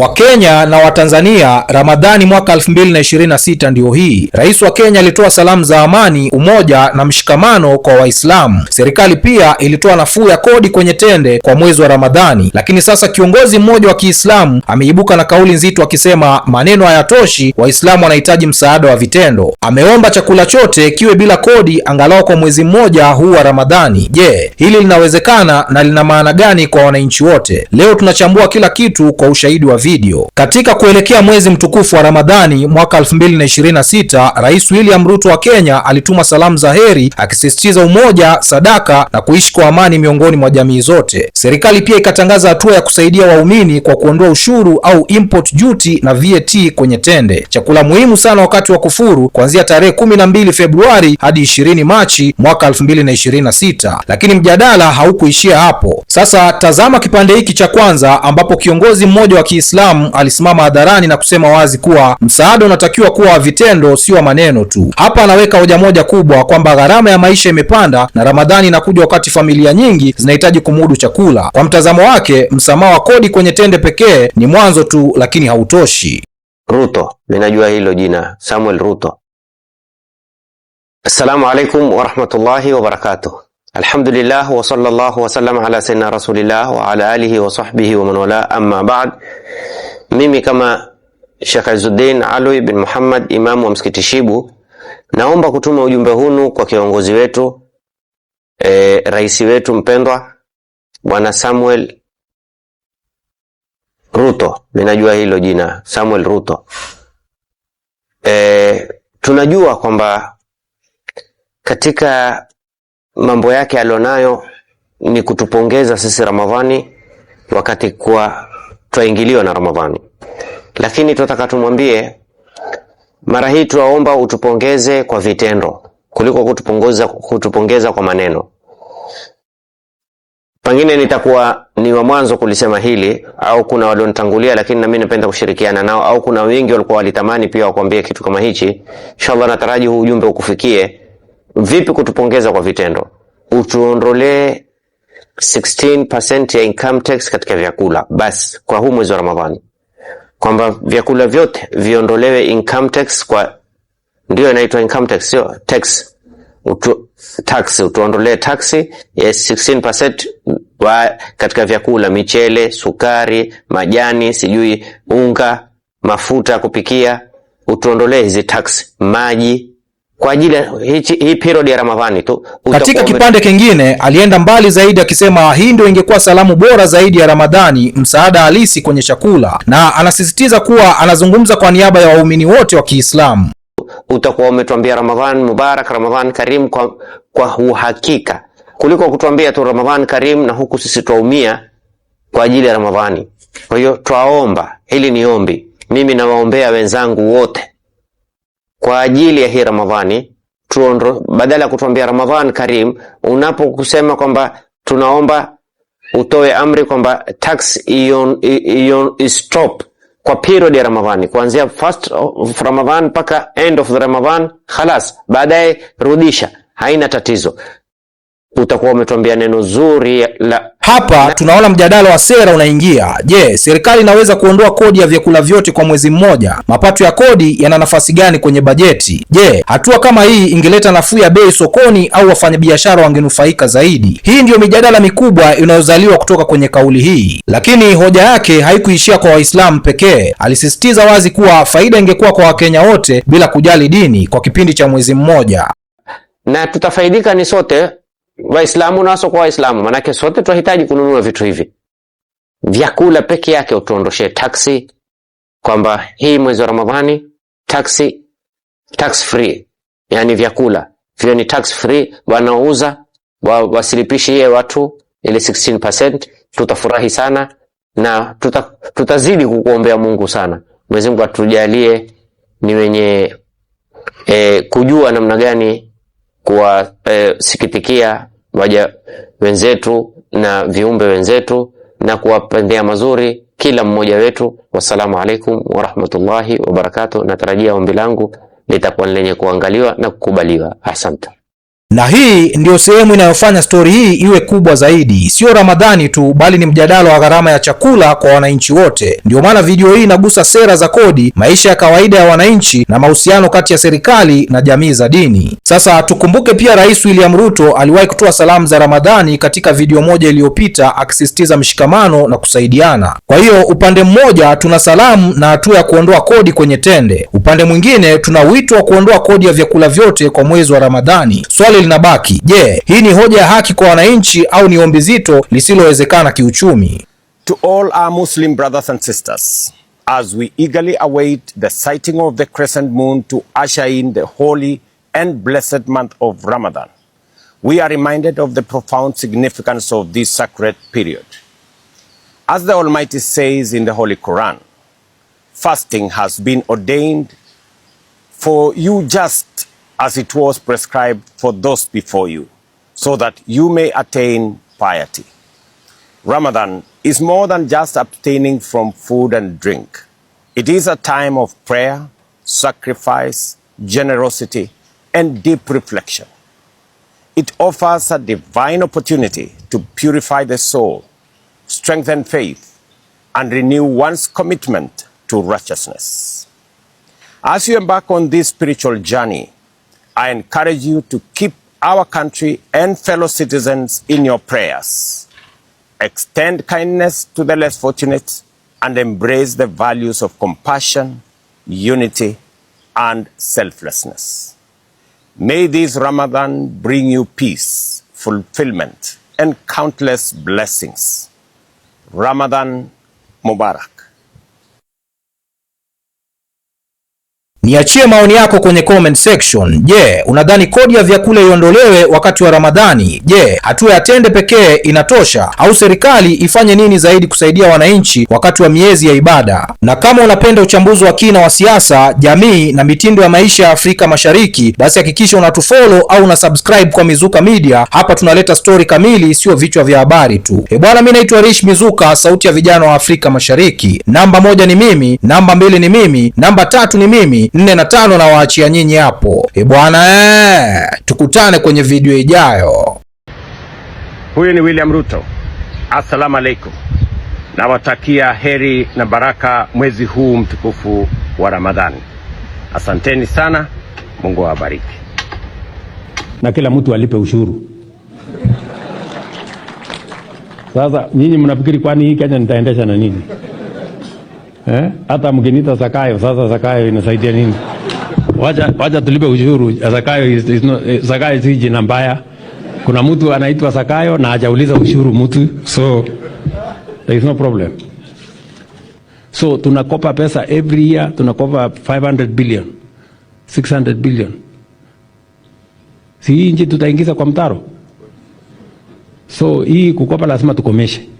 Wakenya na Watanzania, Ramadhani mwaka 2026 ndiyo hii. Rais wa Kenya alitoa salamu za amani, umoja na mshikamano kwa Waislamu. Serikali pia ilitoa nafuu ya kodi kwenye tende kwa mwezi wa Ramadhani, lakini sasa kiongozi mmoja wa Kiislamu ameibuka na kauli nzito akisema maneno hayatoshi, Waislamu wanahitaji msaada wa vitendo. Ameomba chakula chote kiwe bila kodi angalau kwa mwezi mmoja huu wa Ramadhani. Je, yeah, hili linawezekana na lina maana gani kwa wananchi wote? Leo tunachambua kila kitu kwa ushahidi wa video video. Katika kuelekea mwezi mtukufu wa Ramadhani mwaka 2026, Rais William Ruto wa Kenya alituma salamu za heri akisisitiza umoja, sadaka na kuishi kwa amani miongoni mwa jamii zote. Serikali pia ikatangaza hatua ya kusaidia waumini kwa kuondoa ushuru au import duty na VAT kwenye tende, chakula muhimu sana wakati wa kufuru, kuanzia tarehe 12 Februari hadi 20 Machi mwaka 2026. Lakini mjadala haukuishia hapo. Sasa tazama kipande hiki cha kwanza ambapo kiongozi mmoja wa Kiislamu Kiislamu alisimama hadharani na kusema wazi kuwa msaada unatakiwa kuwa wa vitendo, sio wa maneno tu. Hapa anaweka hoja moja kubwa kwamba gharama ya maisha imepanda na Ramadhani inakuja wakati familia nyingi zinahitaji kumudu chakula. Kwa mtazamo wake, msamaha wa kodi kwenye tende pekee ni mwanzo tu, lakini hautoshi. Ruto, ninajua hilo jina, Samuel Ruto. Assalamu alaikum warahmatullahi wabarakatuh. Alhamdulillah wa sallallahu wa sallam ala sayyidina rasulillah wa ala alihi wa sahbihi wa man wala amma ba'd. Mimi kama Sheikh Izzuddin Alwi bin Muhammad imamu wa msikiti Shibu naomba kutuma ujumbe hunu kwa kiongozi wetu e, rais wetu mpendwa Bwana Samuel Ruto, ninajua hilo jina Samuel Ruto. E, tunajua kwamba katika mambo yake alionayo ni kutupongeza sisi Ramadhani wakati kuwa twaingiliwa na Ramadhani, lakini tunataka tumwambie mara hii tuwaomba utupongeze kwa vitendo kuliko kutupongeza, kutupongeza kwa maneno. Pengine nitakuwa ni wa mwanzo kulisema hili au kuna walionitangulia, lakini nami napenda kushirikiana nao, au kuna wengi walikuwa walitamani pia wakwambie kitu kama hichi. Inshallah, nataraji huu ujumbe ukufikie. Vipi kutupongeza kwa vitendo? Utuondolee 16% ya income tax katika vyakula basi kwa huu mwezi wa Ramadhani, kwamba vyakula vyote viondolewe income tax kwa, ndio inaitwa income tax, sio tax. Utu, tax utuondolee taksi ya 16% wa, katika vyakula michele, sukari, majani, sijui unga, mafuta ya kupikia, utuondolee hizi tax, maji kwa ajili ya hii period ya Ramadhani tu. Katika kipande kingine alienda mbali zaidi akisema hii ndio ingekuwa salamu bora zaidi ya Ramadhani, msaada halisi kwenye chakula, na anasisitiza kuwa anazungumza kwa niaba ya waumini wote wa Kiislamu. Utakuwa umetuambia Ramadhan Mubarak, Ramadhan Karim kwa, kwa uhakika kuliko kutuambia tu Ramadhan Karim na huku sisi twaumia kwa ajili ya Ramadhani. Kwa hiyo twaomba, hili ni ombi, mimi nawaombea wenzangu wote kwa ajili ya hii Ramadhani tuondo, badala ya kutuambia Ramadhan Karim, unapokusema kwamba tunaomba utoe amri kwamba tax ion, ion, stop kwa period ya Ramadhani kuanzia first of Ramadhan mpaka end of the Ramadhan, khalas, baadaye rudisha, haina tatizo utakuwa umetuambia neno zuri la... Hapa tunaona mjadala wa sera unaingia. Je, serikali inaweza kuondoa kodi ya vyakula vyote kwa mwezi mmoja? Mapato ya kodi yana nafasi gani kwenye bajeti? Je, hatua kama hii ingeleta nafuu ya bei sokoni au wafanyabiashara wangenufaika zaidi? Hii ndiyo mijadala mikubwa inayozaliwa kutoka kwenye kauli hii, lakini hoja yake haikuishia kwa Waislamu pekee. Alisisitiza wazi kuwa faida ingekuwa kwa Wakenya wote bila kujali dini kwa kipindi cha mwezi mmoja, na tutafaidika ni sote Waislamu na wasiokuwa Waislamu, manake sote tunahitaji kununua vitu hivi. Vyakula peke yake utuondoshe taksi, kwamba hii mwezi wa Ramadhani taksi tax free, yani vyakula vile ni tax free, wanaouza wasilipishie watu ile 16%, tutafurahi sana na tuta, tutazidi kukuombea Mungu sana. Mwenyezi Mungu atujalie ni wenye e, kujua namna gani kuwasikitikia eh, waja wenzetu na viumbe wenzetu na kuwapendea mazuri kila mmoja wetu. Wassalamu alaikum warahmatullahi wabarakatuh. Natarajia ombi langu litakuwa lenye kuangaliwa na kukubaliwa. Asante na hii ndiyo sehemu inayofanya stori hii iwe kubwa zaidi. Sio Ramadhani tu, bali ni mjadala wa gharama ya chakula kwa wananchi wote. Ndiyo maana video hii inagusa sera za kodi, maisha ya kawaida ya wananchi, na mahusiano kati ya serikali na jamii za dini. Sasa tukumbuke pia Rais William Ruto aliwahi kutoa salamu za Ramadhani katika video moja iliyopita, akisisitiza mshikamano na kusaidiana. Kwa hiyo upande mmoja tuna salamu na hatua ya kuondoa kodi kwenye tende, upande mwingine tuna wito wa kuondoa kodi ya vyakula vyote kwa mwezi wa Ramadhani. Swali linabaki, je, yeah, hii ni hoja ya haki kwa wananchi au ni ombi zito lisilowezekana kiuchumi? To all our Muslim brothers and sisters as we eagerly await the sighting of the crescent moon to usher in the holy and blessed month of Ramadan we are reminded of the profound significance of this sacred period. As the Almighty says in the Holy Quran, fasting has been ordained for you just as it was prescribed for those before you, so that you may attain piety. Ramadan is more than just abstaining from food and drink. It is a time of prayer, sacrifice, generosity, and deep reflection. It offers a divine opportunity to purify the soul, strengthen faith, and renew one's commitment to righteousness. As you embark on this spiritual journey, I encourage you to keep our country and fellow citizens in your prayers. Extend kindness to the less fortunate and embrace the values of compassion, unity, and selflessness. May this Ramadan bring you peace, fulfillment, and countless blessings. Ramadan Mubarak. Niachie maoni yako kwenye comment section. Je, yeah, unadhani kodi ya vyakula iondolewe wakati wa Ramadhani? Je, yeah, hatua ya tende pekee inatosha au serikali ifanye nini zaidi kusaidia wananchi wakati wa miezi ya ibada? Na kama unapenda uchambuzi wa kina wa siasa, jamii na mitindo ya maisha ya Afrika Mashariki, basi hakikisha unatufollow au una subscribe kwa Mizuka Media. Hapa tunaleta stori kamili, sio vichwa vya habari tu. E bwana, mimi naitwa Rich Mizuka, sauti ya vijana wa Afrika Mashariki. Namba moja ni mimi, namba mbili ni mimi, namba tatu ni mimi nne na tano nawaachia nyinyi hapo. E bwana eh, tukutane kwenye video ijayo. Huyu ni William Ruto, assalamu alaikum. Nawatakia heri na baraka mwezi huu mtukufu wa Ramadhani. Asanteni sana, Mungu awabariki na kila mtu alipe ushuru. Sasa nyinyi mnafikiri kwani hii Kenya nitaendesha na nini? Eh? Hata mkiniita Zakayo, sasa Zakayo inasaidia nini? Wacha wacha tulipe ushuru. Zakayo is, is no, eh, Zakayo si jina mbaya. Kuna mtu anaitwa Zakayo na hajauliza ushuru mtu. So there is no problem. So tunakopa pesa every year tunakopa 500 billion, 600 billion. Si nchi tutaingiza kwa mtaro. So hii kukopa lazima tukomeshe.